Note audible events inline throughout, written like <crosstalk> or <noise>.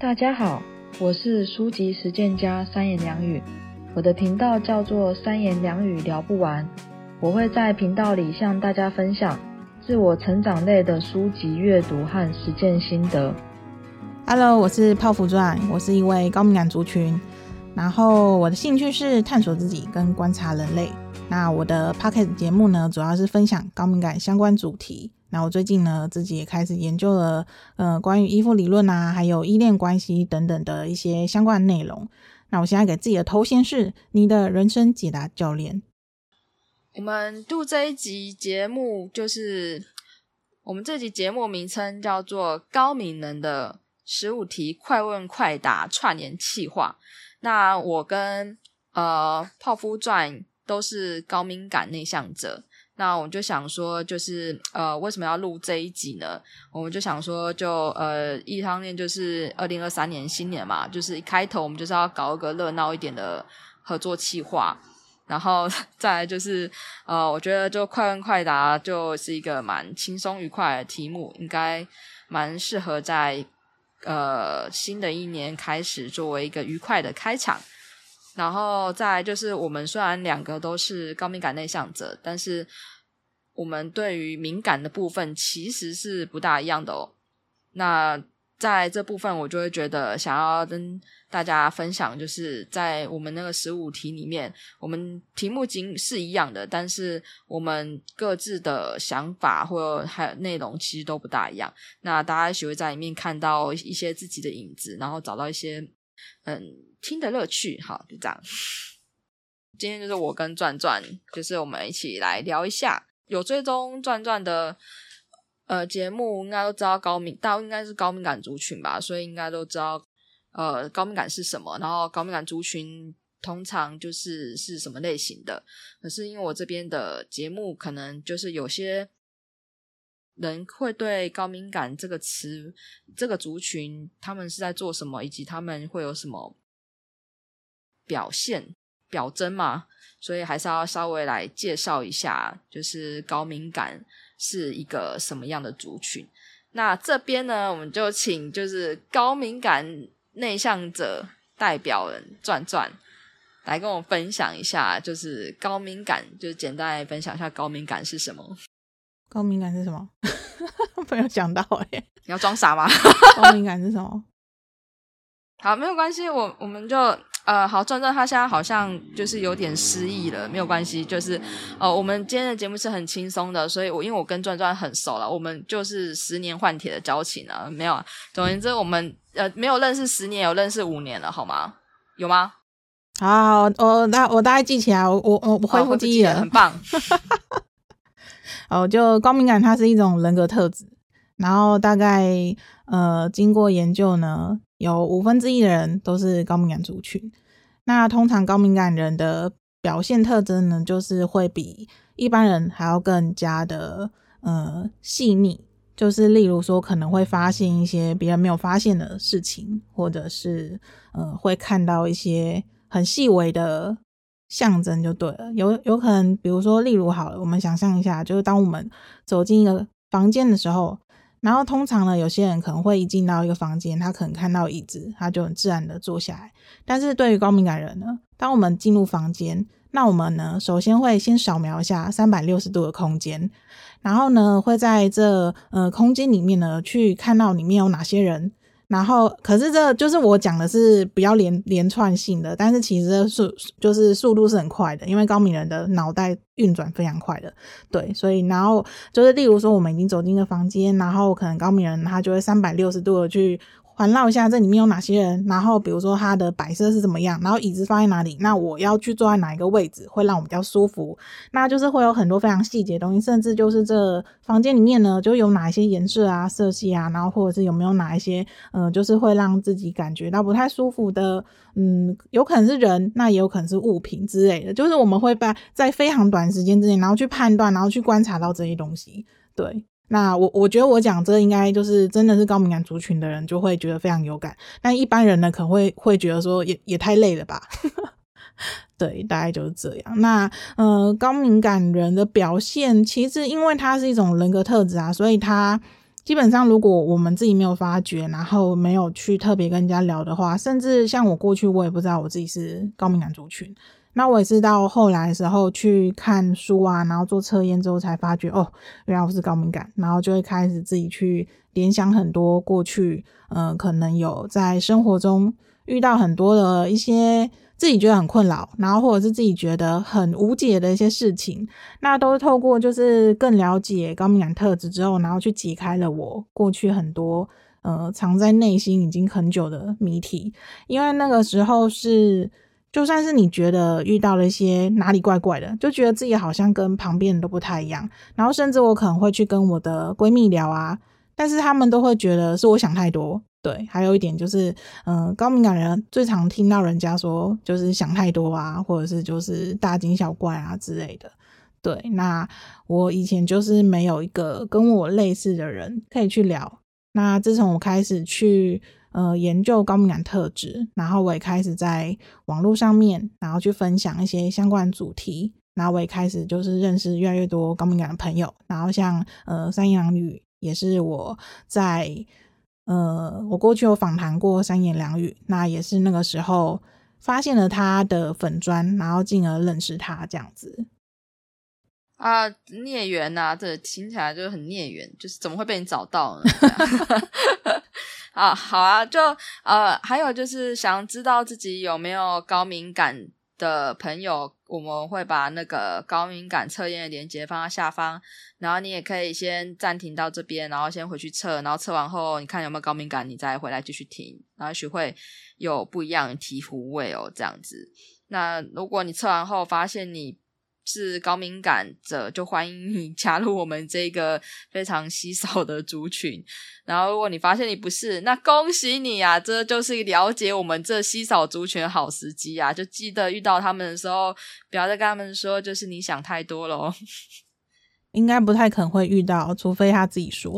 大家好，我是書籍實踐家三妍良語，我的頻道叫做三妍良語聊不完，我會在頻道裡向大家分享自我成長類的書籍閱讀和實踐心得。Hello，我是泡芙鑽，我是一位高敏感族群，然後我的興趣是探索自己跟觀察人類。那我的 podcast 節目呢，主要是分享高敏感相關主題。那我最近呢，自己也開始研究了，呃，關於依附理論啊，還有依戀關係等等的一些相關內容。那我現在給自己的頭銜是你的人生解答教練。我們錄這一集節目，就是我們這集節目名稱叫做《高敏感的十五題快問快答串聯企劃》。那我跟呃泡芙鑽都是高敏感內向者。那我們就想說，就是呃，為什麼要錄這一集呢？我們就想說就，就呃，一方面就是二零二三年新年嘛，就是一開頭我們就是要搞一個熱鬧一點的合作企劃，然後再來就是呃，我覺得就快問快答就是一個蠻輕鬆愉快的題目，應該蠻適合在呃新的一年開始作為一個愉快的開場。然後再來就是，我們雖然兩個都是高敏感內向者，但是我們對於敏感的部分其實是不大一樣的哦。那在這部分，我就會覺得想要跟大家分享，就是在我們那個十五題裡面，我們題目僅是一樣的，但是我們各自的想法或還有內容其實都不大一樣。那大家也許會在裡面看到一些自己的影子，然後找到一些。嗯，聽的樂趣，好，就這樣。今天就是我跟鑽鑽，就是我們一起來聊一下。有追蹤鑽鑽的呃節目，應該都知道高敏，大家應該是高敏感族群吧，所以應該都知道呃高敏感是什麼。然後高敏感族群通常就是是什麼類型的？可是因為我這邊的節目，可能就是有些。人會對高敏感這個詞、這個族群，他們是在做什麼，以及他們會有什麼表現、表徵嘛。所以還是要稍微來介紹一下，就是高敏感是一個什麼樣的族群。那這邊呢，我們就請就是高敏感內向者代表人鑽鑽，來跟我們分享一下，就是高敏感，就是簡單來分享一下高敏感是什麼。高敏感是什麼？ <laughs> 沒有想到哎、欸！你要裝傻嗎？ <laughs> 高敏感是什麼？ <laughs> 好，沒有關係，我我們就呃，好，鑽鑽他現在好像就是有點失憶了，沒有關係，就是哦、呃，我們今天的節目是很輕鬆的，所以我，我因為我跟鑽鑽很熟了，我們就是十年換帖的交情了、啊，沒有啊？總言之，我們呃沒有認識十年，有認識五年了，好嗎？有嗎？好、啊，我大我大概記起來，我我、哦、我恢復記憶了，很棒。哦，就高敏感，它是一種人格特質。然後大概呃，經過研究呢，有五分之一的人都是高敏感族群。那通常高敏感人的表現特徵呢，就是會比一般人還要更加的呃細膩。就是例如說，可能會發現一些別人沒有發現的事情，或者是呃，會看到一些很細微的。象徵就對了，有有可能，比如說，例如好了，我們想象一下，就是當我們走進一個房間的時候，然後通常呢，有些人可能會一進到一個房間，他可能看到椅子，他就很自然的坐下來。但是對於高敏感人呢，當我們進入房間，那我們呢，首先會先掃描一下360度的空間，然後呢，會在這，呃，空間裡面呢，去看到裡面有哪些人。然後，可是這就是我講的是比較連連串性的，但是其實這速就是速度是很快的，因為高敏人的腦袋運轉非常快的，對，所以然後就是，例如說我們已經走進一個房間，然後可能高敏人他就會三百六十度的去。環繞一下這裡面有哪些人，然後比如說它的擺設是怎麼樣，然後椅子放在哪裡，那我要去坐在哪一個位置會讓我比較舒服？那就是會有很多非常細節的東西，甚至就是這房間裡面呢，就有哪一些顏色啊、色系啊，然後或者是有沒有哪一些，嗯、呃，就是會讓自己感覺到不太舒服的，嗯，有可能是人，那也有可能是物品之類的。就是我們會在在非常短時間之內，然後去判斷，然後去觀察到這些東西，對。那我我覺得我講這個應該就是真的是高敏感族群的人就會覺得非常有感，但一般人呢可能會會覺得說也也太累了吧？ <laughs> 對，大概就是這樣。那呃，高敏感人的表現，其實因為他是一種人格特質啊，所以他基本上如果我們自己沒有發覺，然後沒有去特別跟人家聊的話，甚至像我過去我也不知道我自己是高敏感族群。那我也是到後來的時候去看書啊，然後做測驗之後才發覺哦，原來我是高敏感，然後就會開始自己去聯想很多過去，嗯、呃，可能有在生活中遇到很多的一些自己覺得很困擾，然後或者是自己覺得很無解的一些事情，那都是透過就是更了解高敏感特質之後，然後去解開了我過去很多呃藏在內心已經很久的謎題，因為那個時候是。就算是你覺得遇到了一些哪裡怪怪的，就覺得自己好像跟旁邊人都不太一樣，然後甚至我可能會去跟我的閨蜜聊啊，但是他們都會覺得是我想太多。對，還有一點就是，嗯、呃，高敏感人最常聽到人家說就是想太多啊，或者是就是大驚小怪啊之類的。對，那我以前就是沒有一個跟我類似的人可以去聊。那自從我開始去。呃，研究高敏感特質，然後我也開始在網絡上面，然後去分享一些相關主題，然後我也開始就是認識越來越多高敏感的朋友，然後像呃三妍良語也是我在呃我過去有訪談過三妍良語，那也是那個時候發現了他的粉專，然後進而認識他這樣子。啊，孽緣啊，這聽起來就很孽緣，就是怎麼會被你找到呢？ <laughs> 啊，好啊，就呃，還有就是想知道自己有沒有高敏感的朋友，我們會把那個高敏感測驗的鏈接放在下方，然後你也可以先暫停到這邊，然後先回去測，然後測完後你看有沒有高敏感，你再回來繼續聽，然後也許會有不一樣的醍醐味哦，這樣子。那如果你測完後發現你。是高敏感者，就歡迎你加入我們這個非常稀少的族群。然後，如果你發現你不是，那恭喜你啊！這就是了解我們這稀少族群好時機啊！就記得遇到他們的時候，不要再跟他們說，就是你想太多咯。應該不太可能會遇到，除非他自己說。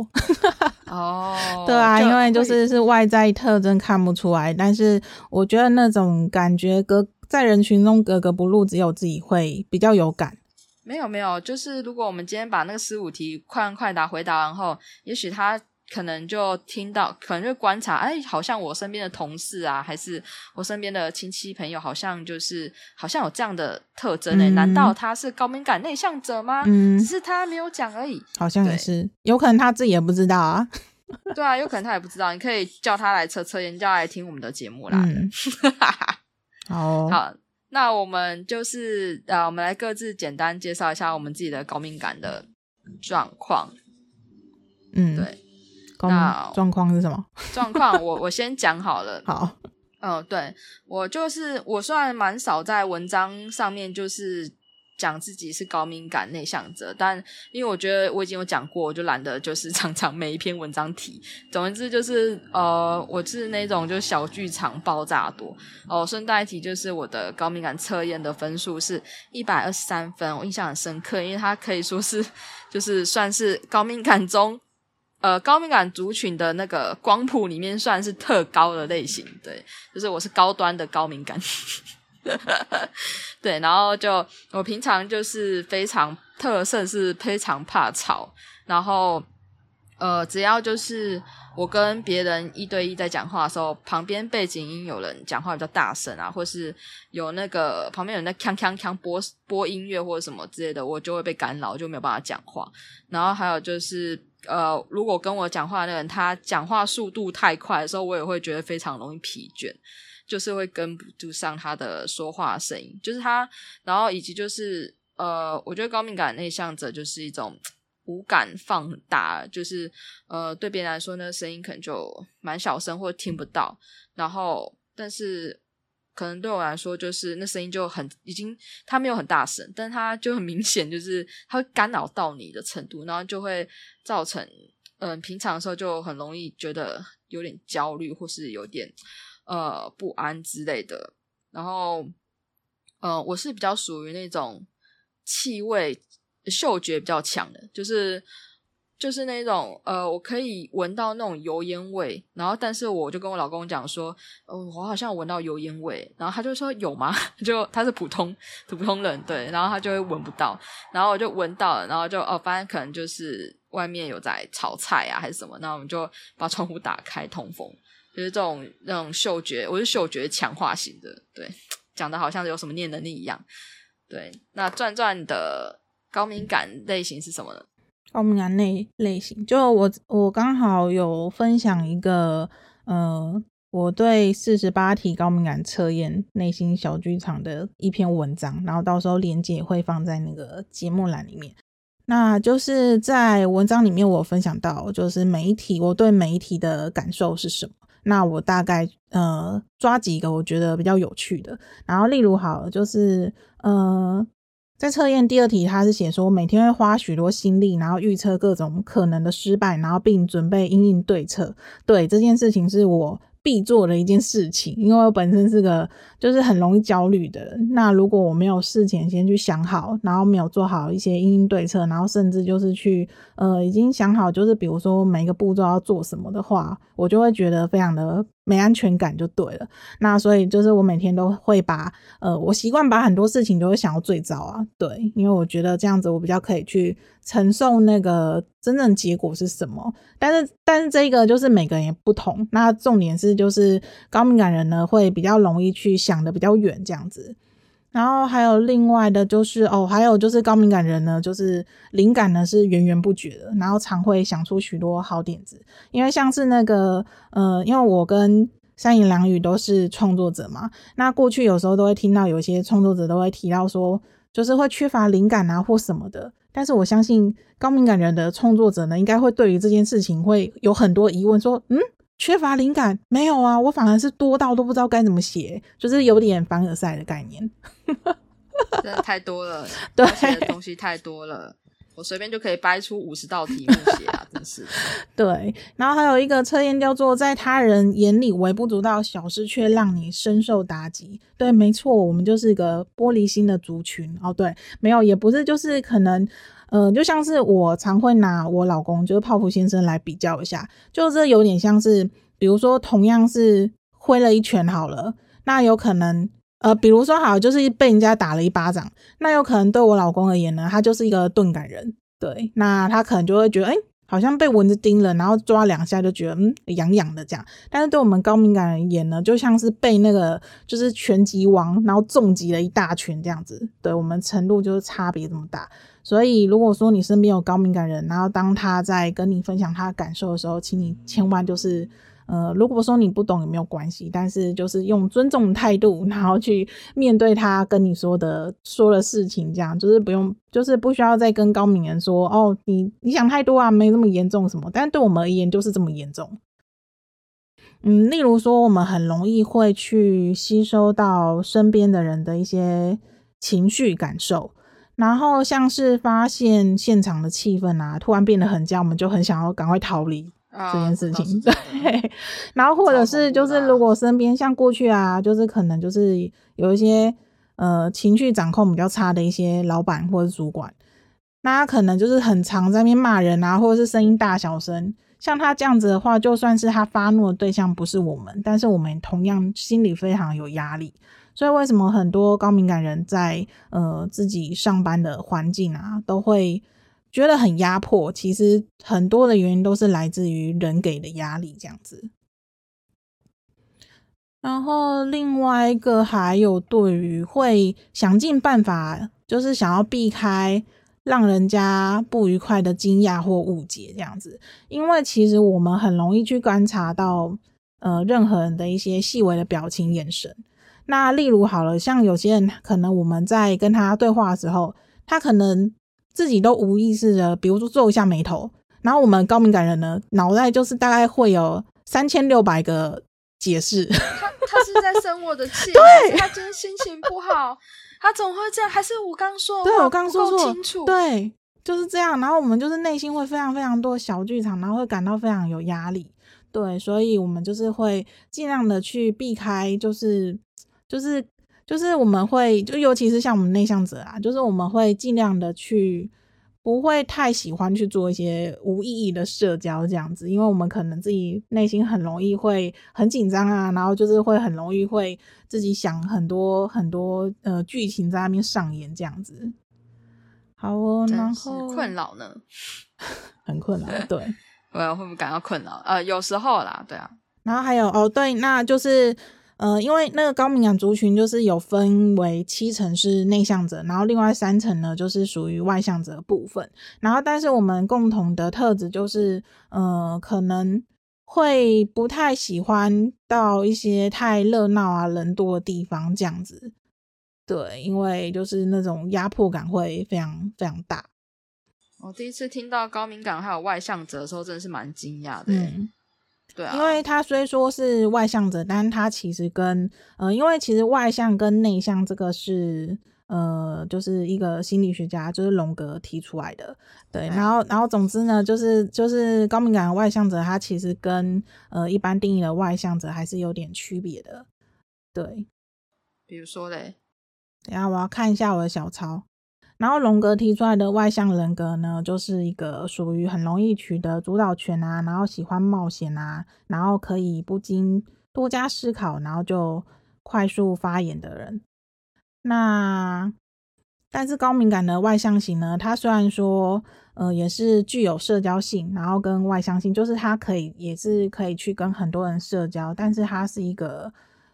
哦 <laughs> ，oh, 對啊，會因為就是是外在特徵看不出來，但是我覺得那種感覺跟。在人群中格格不入，只有自己會比較有感。沒有沒有，就是如果我們今天把那個十五題快問快答回答完後，也許他可能就聽到，可能就觀察，哎，好像我身邊的同事啊，還是我身邊的親戚朋友，好像就是好像有這樣的特徵呢、欸嗯、難道他是高敏感內向者嗎？嗯，只是他沒有講而已。好像也是，對有可能他自己也不知道啊。 <laughs> 對啊，有可能他也不知道。你可以叫他來測測驗，叫他來聽我們的節目啦。嗯，哈哈。好，哦、好，那我們就是呃、啊，我們來各自簡單介紹一下我們自己的高敏感的狀況。嗯，對，高那狀況是什麼？狀況我我先講好了。 <laughs> 好，哦、嗯，對我就是我算蠻少在文章上面就是。講自己是高敏感內向者，但因為我覺得我已經有講過，我就懶得就是常常每一篇文章提。總之就是呃，我是那種就小劇場爆炸多。哦、呃，順帶一提就是我的高敏感測驗的分數是一百二十三分，我印象很深刻，因為它可以說是就是算是高敏感中呃高敏感族群的那個光譜裡面算是特高的類型。對，就是我是高端的高敏感。 <laughs> <laughs> 對，然後就我平常就是非常特色，是非常怕吵。然後，呃，只要就是我跟別人一對一在講話的時候，旁邊背景音有人講話比較大聲啊，或是有那個旁邊有人在鏘鏘鏘播播音樂或者什麼之類的，我就會被干擾，就沒有辦法講話。然後還有就是，呃，如果跟我講話的人他講話速度太快的時候，我也會覺得非常容易疲倦。就是會跟不住上他的說話的聲音，就是他，然後以及就是呃，我覺得高敏感的內向者就是一種五感放大，就是呃，對別人來說那聲音可能就蠻小聲或聽不到，然後但是可能對我來說就是那聲音就很已經他沒有很大聲，但他就很明顯就是他會干擾到你的程度，然後就會造成嗯、呃、平常的時候就很容易覺得有點焦慮或是有點。呃，不安之類的。然後，呃，我是比較屬於那種氣味嗅覺比較強的，就是就是那種呃，我可以聞到那種油煙味。然後，但是我就跟我老公講說，哦、呃、我好像聞到油煙味。然後他就說有嗎？就他是普通普通人，對。然後他就會聞不到。然後我就聞到了。然後就哦，反正可能就是外面有在炒菜啊，還是什麼。那我們就把窗戶打開通風。就是這種那種嗅覺，我是嗅覺強化型的，對，講的好像有什麼念能力一樣，對。那鑽鑽的高敏感類型是什麼呢？高敏感類類型，就我我剛好有分享一個，嗯、呃、我對四十八題高敏感測驗內心小劇場的一篇文章，然後到時候鏈接會放在那個節目欄裡面。那就是在文章裡面我分享到，就是每一題我對每一題的感受是什麼。那我大概呃抓幾個我覺得比較有趣的，然後例如好，就是呃在測驗第二題，他是寫說每天會花許多心力，然後預測各種可能的失敗，然後並準備因應對策。對，這件事情是我。必做的一件事情，因為我本身是個就是很容易焦慮的人。那如果我沒有事前先去想好，然後沒有做好一些因應對策，然後甚至就是去呃已經想好，就是比如說每一個步驟要做什麼的話，我就會覺得非常的。沒安全感就對了。那所以就是我每天都會把呃，我習慣把很多事情都會想到最糟啊。對，因為我覺得這樣子我比較可以去承受那個真正結果是什麼。但是但是這個就是每個人也不同。那重點是就是高敏感人呢會比較容易去想得比較遠，這樣子。然後還有另外的，就是哦，還有就是高敏感人呢，就是靈感呢是源源不絕的，然後常會想出許多好點子。因為像是那個，呃，因為我跟三妍良語都是創作者嘛，那過去有時候都會聽到有些創作者都會提到說，就是會缺乏靈感啊或什麼的。但是我相信高敏感人的創作者呢，應該會對於這件事情會有很多疑問，說，嗯，缺乏靈感？沒有啊，我反而是多到都不知道該怎麼寫，就是有點凡爾賽的概念。 <laughs> 真的太多了，對，東西太多了，對我隨便就可以掰出五十道題目寫啊，真是的。對，然後還有一個測驗叫做在他人眼裡微不足道小事，却讓你深受打擊。對，沒錯，我們就是一個玻璃心的族群。哦，對，沒有，也不是，就是可能，嗯、呃，就像是我常會拿我老公，就是泡芙先生來比較一下，就這有點像是，比如說同樣是揮了一拳好了，那有可能。呃，比如說好像就是被人家打了一巴掌，那有可能對我老公而言呢，他就是一個鈍感人，對，那他可能就會覺得，誒、欸、好像被蚊子叮了，然後抓兩下就覺得，嗯，癢癢的這樣。但是對我們高敏感人而言呢，就像是被那個就是拳擊王，然後重擊了一大拳這樣子，對，我們程度就是差別這麼大。所以如果說你身邊有高敏感人，然後當他在跟你分享他的感受的時候，請你千萬就是。呃，如果說你不懂，也沒有關係，但是就是用尊重的態度，然後去面對他跟你說的說的事情，這樣就是不用，就是不需要再跟高敏人說哦，你你想太多啊，沒那麼嚴重什麼。但對我們而言就是這麼嚴重。嗯，例如說我們很容易會去吸收到身邊的人的一些情緒感受，然後像是發現現場的氣氛啊，突然變得很僵，我們就很想要趕快逃離。這件事情對，啊、然， <laughs> 然後或者是就是如果身邊像過去啊，就是可能就是有一些呃情緒掌控比較差的一些老板或者主管，那他可能就是很常在那邊罵人啊，或者是聲音大、小聲。像他這樣子的話，就算是他發怒的對象不是我們，但是我們同樣心裡非常有壓力。所以為什麼很多高敏感人在呃自己上班的環境啊，都會。覺得很壓迫，其實很多的原因都是來自於人給的壓力這樣子。然後另外一個還有對於會想盡辦法，就是想要避開讓人家不愉快的驚訝或誤解這樣子。因為其實我們很容易去觀察到，呃，任何人的一些細微的表情、眼神。那例如好了，像有些人可能我們在跟他對話的時候，他可能……自己都無意識的，比如說皺一下眉頭，然後我們高敏感人呢，腦袋就是大概會有三千六百個解釋。他他是在生我的氣， <laughs> 對，他今天心情不好， <laughs> 他總會這樣？還是我剛說，對我剛說錯，清楚。對，就是這樣。然後我們就是內心會非常非常多小劇場，然後會感到非常有壓力。對，所以，我們就是會盡量的去避開、就是，就是就是。就是我們會，就尤其是像我們內向者啊,就是我們會盡量的去，不會太喜歡去做一些無意義的社交這樣子，因為我們可能自己內心很容易會很緊張啊，然後就是會很容易會自己想很多很多呃劇情在那邊上演這樣子。好哦，然後是困擾呢？ <laughs> 很困擾，對。我 <laughs> 會不會感到困擾？呃，有時候啦，對啊。然後還有哦，對，那就是。呃，因為那個高敏感族群就是有分為七成是內向者，然後另外三成呢就是屬於外向者的部分。然後，但是我們共同的特質就是，呃，可能會不太喜歡到一些太熱鬧啊、人多的地方這樣子。對，因為就是那種壓迫感會非常非常大。我第一次聽到高敏感還有外向者的時候，真的是蠻驚訝的。嗯。因為他雖說是外向者，但他其實跟呃，因為其實外向跟內向這個是呃，就是一個心理學家，就是榮格提出來的。對，對，然後然後總之呢，就是就是高敏感的外向者，他其實跟呃一般定義的外向者還是有點區別的。對，比如說嘞，等下我要看一下我的小抄。然後，榮格提出來的外向人格呢，就是一個屬於很容易取得主導權啊，然後喜歡冒險啊，然後可以不經多加思考，然後就快速發言的人。那但是高敏感的外向型呢，他雖然說，呃，也是具有社交性，然後跟外向性，就是他可以也是可以去跟很多人社交，但是他是一個，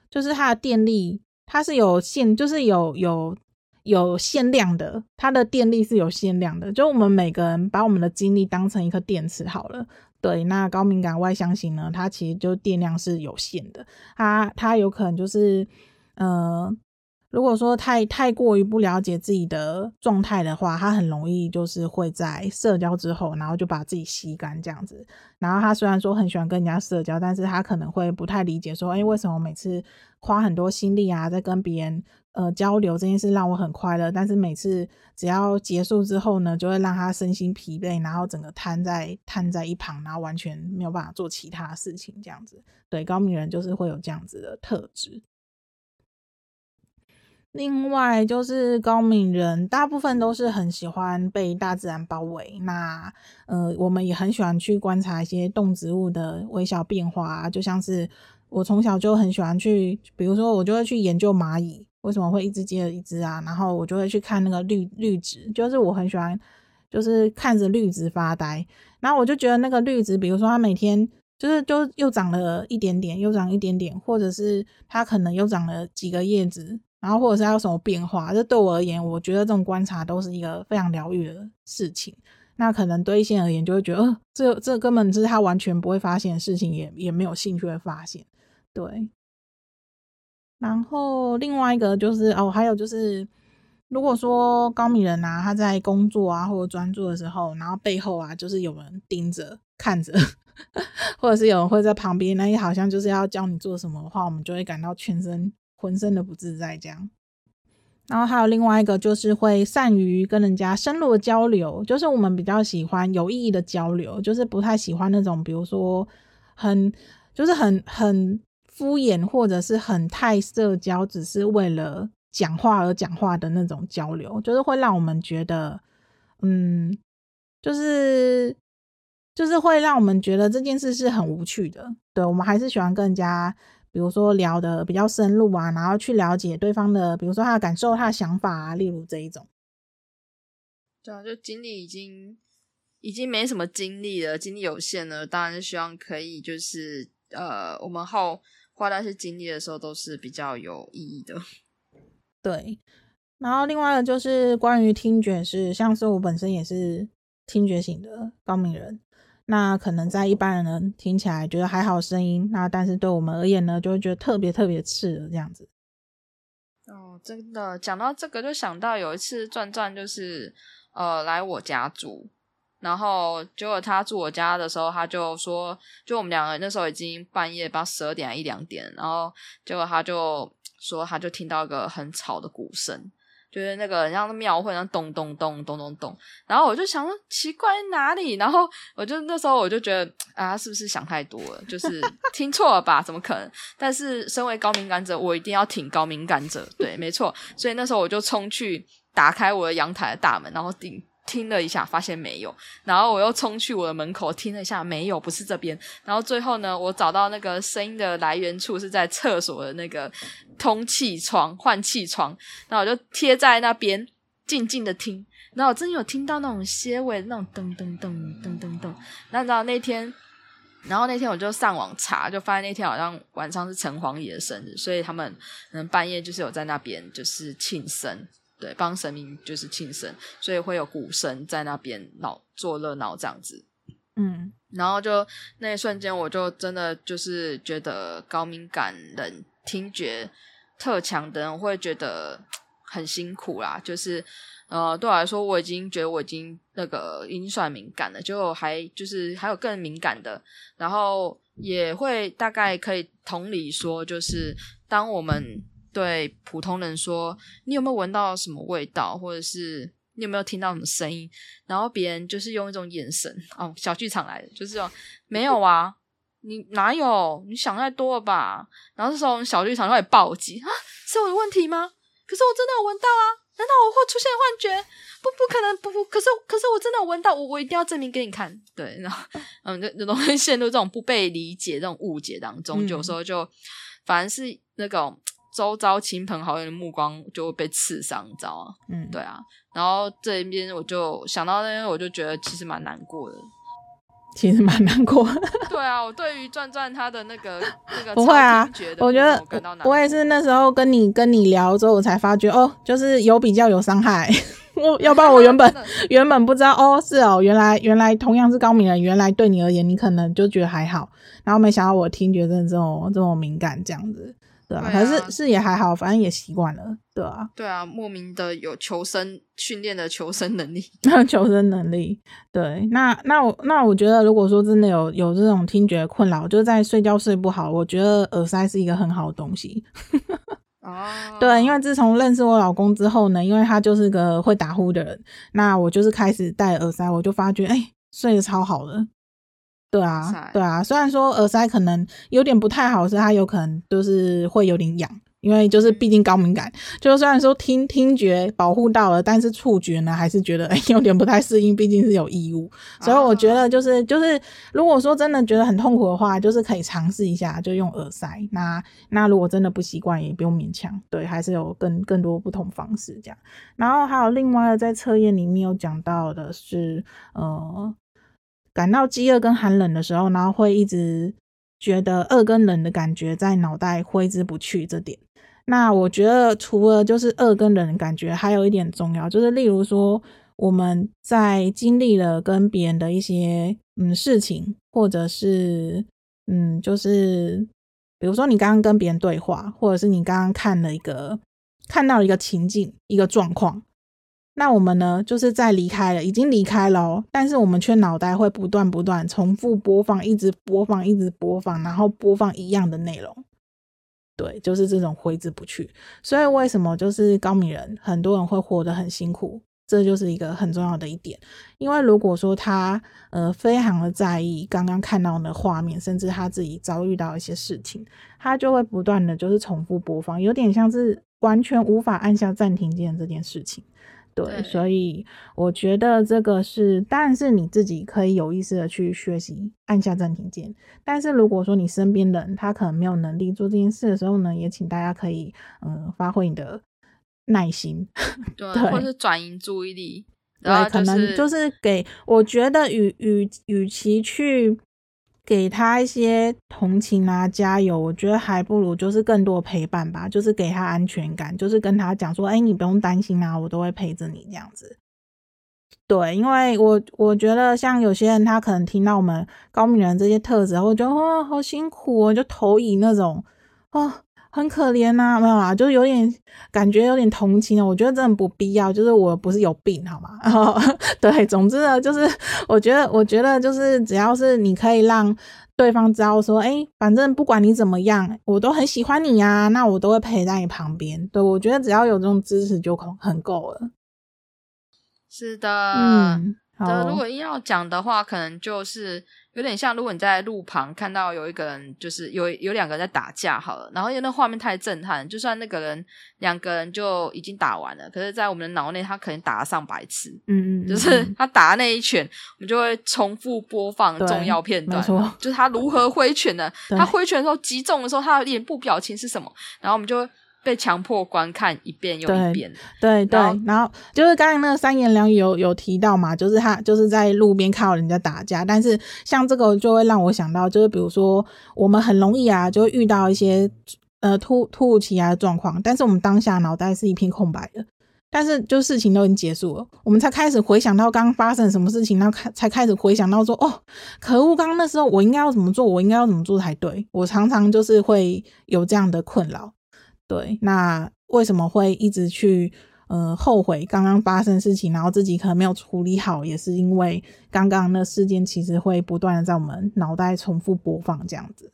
就是他的電力他是有限，就是有有。有限量的，它的電力是有限量的。就我們每個人把我們的精力當成一顆電池好了。對，那高敏感外向型呢，它其實就電量是有限的。它它有可能就是，呃，如果說太太過於不了解自己的狀態的話，他很容易就是會在社交之後，然後就把自己吸乾這樣子。然後他雖然說很喜歡跟人家社交，但是他可能會不太理解說，哎、欸，為什麼我每次花很多心力啊，在跟別人。呃，交流這件事讓我很快樂，但是每次只要結束之後呢，就會讓他身心疲憊，然後整個癱在癱在一旁，然後完全沒有辦法做其他事情。這樣子，對高敏人就是會有這樣子的特質。另外，就是高敏人大部分都是很喜歡被大自然包圍。那呃，我們也很喜歡去觀察一些動植物的微小變化啊，就像是我從小就很喜歡去，比如說我就會去研究螞蟻。為什麼會一隻接着一隻啊？然後我就會去看那個綠綠植，就是我很喜歡，就是看着綠植發呆。然後我就覺得那個綠植，比如說它每天就是就又長了一點點，又長一點點，或者是它可能又長了幾個葉子，然後或者是它有什麼變化。這對我而言，我覺得這種觀察都是一個非常療癒的事情。那可能對一些而言，就會覺得，呃，這這根本是他完全不會發現的事情也，也也沒有興趣的發現，對。然後另外一個就是哦，還有就是，如果說高敏人啊，他在工作啊或者專注的時候，然後背後啊就是有人盯着看着呵呵，或者是有人會在旁邊，那你好像就是要教你做什麼的話，我們就會感到全身渾身的不自在這樣。然後還有另外一個就是會善於跟人家深入的交流，就是我們比較喜歡有意義的交流，就是不太喜歡那種比如說很就是很很。敷衍或者是很太社交，只是為了講話而講話的那種交流，就是會讓我們覺得，嗯，就是就是會讓我們覺得這件事是很無趣的。對，我們還是喜歡跟人家，比如說聊得比較深入啊，然後去了解對方的，比如說他的感受、他的想法啊，例如這一種。對啊，就精力已經已經沒什麼精力了，精力有限了，當然是希望可以就是呃，我們後。花那些精力的時候都是比較有意義的，對。然後另外呢，就是關於聽覺是，是像是我本身也是聽覺型的高敏人，那可能在一般人呢聽起來覺得還好聲音，那但是對我們而言呢，就會覺得特別特別刺耳這樣子。哦，真的，講到這個就想到有一次鑽鑽就是呃來我家住。然後結果他住我家的時候，他就說，就我們兩個那時候已經半夜，八十二點一兩點。然後結果他就說，他就聽到一個很吵的鼓聲，就是那個很像廟會那咚咚咚咚咚咚。然後我就想說，奇怪哪裡？然後我就那時候我就覺得啊，是不是想太多了，就是聽錯了吧？怎麼可能？但是身為高敏感者，我一定要挺高敏感者，對，沒錯。所以那時候我就衝去打開我的陽台的大門，然後頂。聽了一下，發現沒有，然後我又衝去我的門口聽了一下，沒有，不是這邊。然後最後呢，我找到那個聲音的來源處是在廁所的那個通氣窗、換氣窗。然後我就貼在那邊靜靜的聽。然後我真有聽到那種些微那種噔噔噔噔噔噔。那到那天，然後那天我就上網查，就發現那天好像晚上是城隍爺的生日，所以他們半夜就是有在那邊就是慶生。對，幫神明就是慶生，所以會有鼓聲在那邊鬧做熱鬧這樣子，嗯，然後就那一瞬間，我就真的就是覺得高敏感人、人聽覺特強的人會覺得很辛苦啦。就是呃，對我來說，我已經覺得我已經那個已經算敏感了，就還就是還有更敏感的，然後也會大概可以同理說，就是當我們、嗯。對普通人說，你有沒有聞到什麼味道，或者是你有沒有聽到什麼聲音？然後別人就是用一種眼神，哦，小劇場來的，就是哦，沒有啊，你哪有？你想太多了吧？然後這時候小劇場就會暴擊啊，是我的問題嗎？可是我真的有聞到啊，難道我會出現幻覺？不，不可能，不，不，可是，可是我真的有聞到，我我一定要證明給你看。對，然後，嗯，就都會陷入這種不被理解、這種誤解當中。有時候就反而是那種。周遭親朋好友的目光就會被刺傷，你知道嗎？嗯，對啊。然後這邊我就想到那邊，我就覺得其實蠻難過的，其實蠻難過。對啊，我對於鑽鑽他的那個那個不會啊，我覺得我，我也是那時候跟你跟你聊之後，我才發覺哦，就是有比較有傷害。我 <laughs> 要不然我原本 <laughs> 的原本不知道哦，是哦，原來原來同樣是高敏人，原來對你而言，你可能就覺得還好。然後沒想到我聽覺得真的這種這麼敏感，這樣子。對啊，可是是也還好，反正也習慣了，對啊。對啊，莫名的有求生訓練的求生能力， <laughs> 求生能力。對，那那我那我覺得，如果說真的有有這種聽覺困擾，就是、在睡覺睡不好，我覺得耳塞是一個很好的東西。哦 <laughs> ，oh. 對，因為自從認識我老公之後呢，因為他就是個會打呼的人，那我就是開始戴耳塞，我就發覺哎、欸，睡得超好的。對啊，對啊，雖然說耳塞可能有點不太好，是它有可能就是會有點癢，因為就是畢竟高敏感，就雖然說聽聽覺保護到了，但是觸覺呢還是覺得哎有點不太適應，畢竟是有異物。Uh huh. 所以我覺得就是就是，如果說真的覺得很痛苦的話，就是可以嘗試一下就用耳塞。那那如果真的不習慣，也不用勉強。對，還是有更更多不同方式這樣。然後還有另外的在測驗裡面有講到的是，呃。感到飢餓跟寒冷的時候，然後會一直覺得餓跟冷的感覺在腦袋揮之不去這點。那我覺得除了就是餓跟冷的感覺，還有一點重要，就是例如說我們在經歷了跟別人的一些嗯事情，或者是嗯就是比如說你剛剛跟別人對話，或者是你剛剛看了一個看到一個情境，一個狀況。那我們呢，就是在離開了，已經離開了哦，但是我們卻腦袋會不斷不斷重複播放，一直播放，一直播放，然後播放一樣的內容。對，就是這種揮之不去。所以為什麼就是高敏人，很多人會活得很辛苦，這就是一個很重要的一點。因為如果說他呃非常的在意剛剛看到的畫面，甚至他自己遭遇到一些事情，他就會不斷的就是重複播放，有點像是完全無法按下暫停鍵這件事情。對，所以我覺得這個是，但是你自己可以有意識的去學習按下暫停鍵。但是如果說你身邊的人他可能沒有能力做這件事的時候呢，也請大家可以嗯、呃、發揮你的耐心，對， <laughs> 對，或者是轉移注意力，對，就是、可能就是給我覺得與與與其去。給他一些同情啊，加油！我覺得還不如就是更多陪伴吧，就是給他安全感，就是跟他講說，哎、欸，你不用擔心啊，我都會陪着你這樣子。對，因為我我覺得像有些人，他可能聽到我們高敏人這些特質，我覺得哇、哦，好辛苦哦，就投以那種、哦很可憐吶、啊，沒有啊，就是有點感覺，有點同情的。我覺得真的很不必要，就是我不是有病，好嗎？ <laughs> 對，總之呢，就是我覺得，我覺得就是，只要是你可以讓對方知道說，誒、欸、反正不管你怎麼樣，我都很喜歡你呀、啊，那我都會陪在你旁邊。對，我覺得只要有這種支持就很夠了。是的，嗯。好哦，如果硬要講的話，可能就是有點像，如果你在路旁看到有一個人，就是有有兩個人在打架好了，然後因為那畫面太震撼，就算那個人兩個人就已經打完了，可是，在我們的腦內，他可能打了上百次，嗯嗯，就是他打的那一拳，嗯、我們就會重複播放重要片段，就是他如何揮拳的，他揮拳的時候擊中的時候，他的臉部表情是什麼，然後我們就被強迫觀看一遍又一遍，對，對，那對，然後就是剛才那個三妍良語有有提到嘛，就是他就是在路邊看到人家打架，但是像這個就會讓我想到，就是比如說我們很容易啊，就會遇到一些呃突突如其來的狀況，但是我們當下腦袋是一片空白的，但是就事情都已經結束了，我們才開始回想到剛剛發生什麼事情，然後才開始回想到說，哦，可惡，剛剛那時候我應該要怎麼做，我應該要怎麼做才對，我常常就是會有這樣的困擾。對，那為什麼會一直去呃後悔剛剛發生事情，然後自己可能沒有處理好，也是因為剛剛那事件其實會不斷的在我們腦袋重複播放這樣子。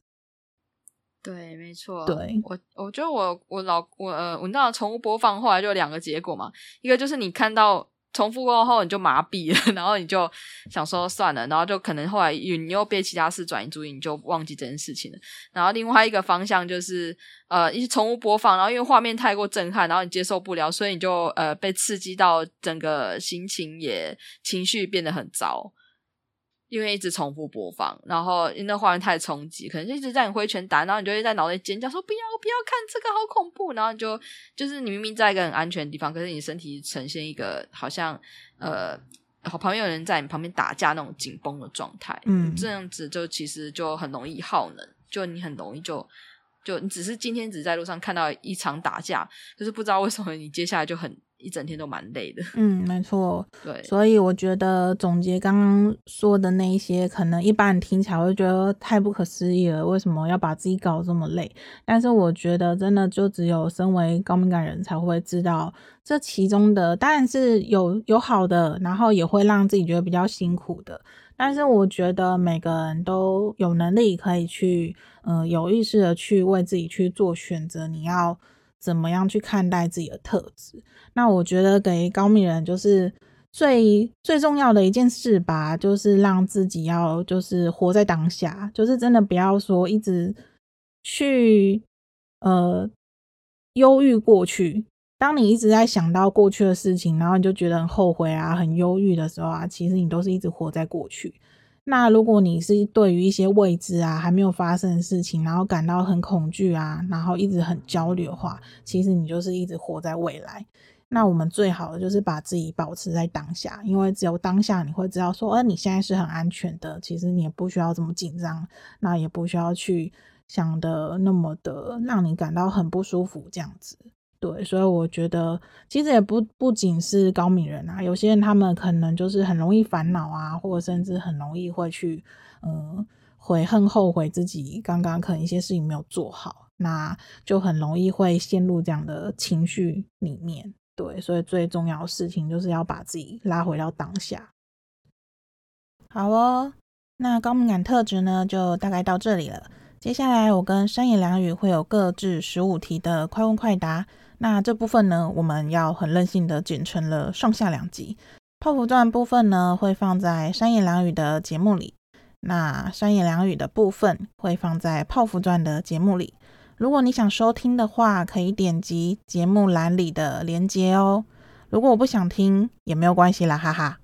對，沒錯。對，我我覺得我我老我、呃、我知道重複播放，後來就有兩個結果嘛，一個就是你看到。重複過後你就麻痹了，然後你就想說算了，然後就可能後來你又被其他事轉移注意，你就忘記這件事情了。然後另外一個方向就是呃，一重複播放，然後因為畫面太過震撼，然後你接受不了，所以你就呃被刺激到，整個心情也情緒變得很糟。因為一直重複播放，然後因為那畫面太衝擊，可能就一直在你揮拳打，然後你就會在腦袋尖叫說“不要不要看這個，好恐怖！”然後你就就是你明明在一個很安全的地方，可是你身體呈現一個好像呃，好，旁邊有人在你旁邊打架那種緊繃的狀態。嗯，這樣子就其實就很容易耗能，就你很容易就就你只是今天只在路上看到一場打架，就是不知道為什麼你接下來就很。一整天都蠻累的，嗯，沒錯，對，所以我覺得總結剛剛說的那一些，可能一般人聽起來會覺得太不可思議了，為什麼要把自己搞這麼累？但是我覺得真的就只有身為高敏感人才會知道這其中的，當然是有有好的，然後也會讓自己覺得比較辛苦的，但是我覺得每個人都有能力可以去，嗯、呃，有意識的去為自己去做選擇，你要。怎麼樣去看待自己的特質？那我覺得給高敏人就是最最重要的一件事吧，就是讓自己要就是活在當下，就是真的不要說一直去呃憂鬱過去。當你一直在想到過去的事情，然後你就覺得很後悔啊、很憂鬱的時候啊，其實你都是一直活在過去。那如果你是對於一些未知啊，還沒有發生的事情，然後感到很恐懼啊，然後一直很焦慮的話，其實你就是一直活在未來。那我們最好的就是把自己保持在當下，因為只有當下你會知道說，哎、呃，你現在是很安全的，其實你也不需要這麼緊張，那也不需要去想的那麼的讓你感到很不舒服這樣子。對，所以我覺得其實也不不僅是高敏人啊，有些人他們可能就是很容易煩惱啊，或者甚至很容易會去嗯悔恨後悔自己剛剛可能一些事情沒有做好，那就很容易會陷入這樣的情緒裡面。對，所以最重要的事情就是要把自己拉回到當下。好哦，那高敏感特質呢就大概到這裡了。接下來我跟三妍良語會有各自十五題的快問快答。那這部分呢，我們要很任性的剪成了上下兩集。泡芙鑽部分呢，會放在三妍良語的節目裡；那三妍良語的部分，會放在泡芙鑽的節目裡。如果你想收聽的話，可以點擊節目欄裡的連結哦。如果我不想聽，也沒有關係啦，哈哈。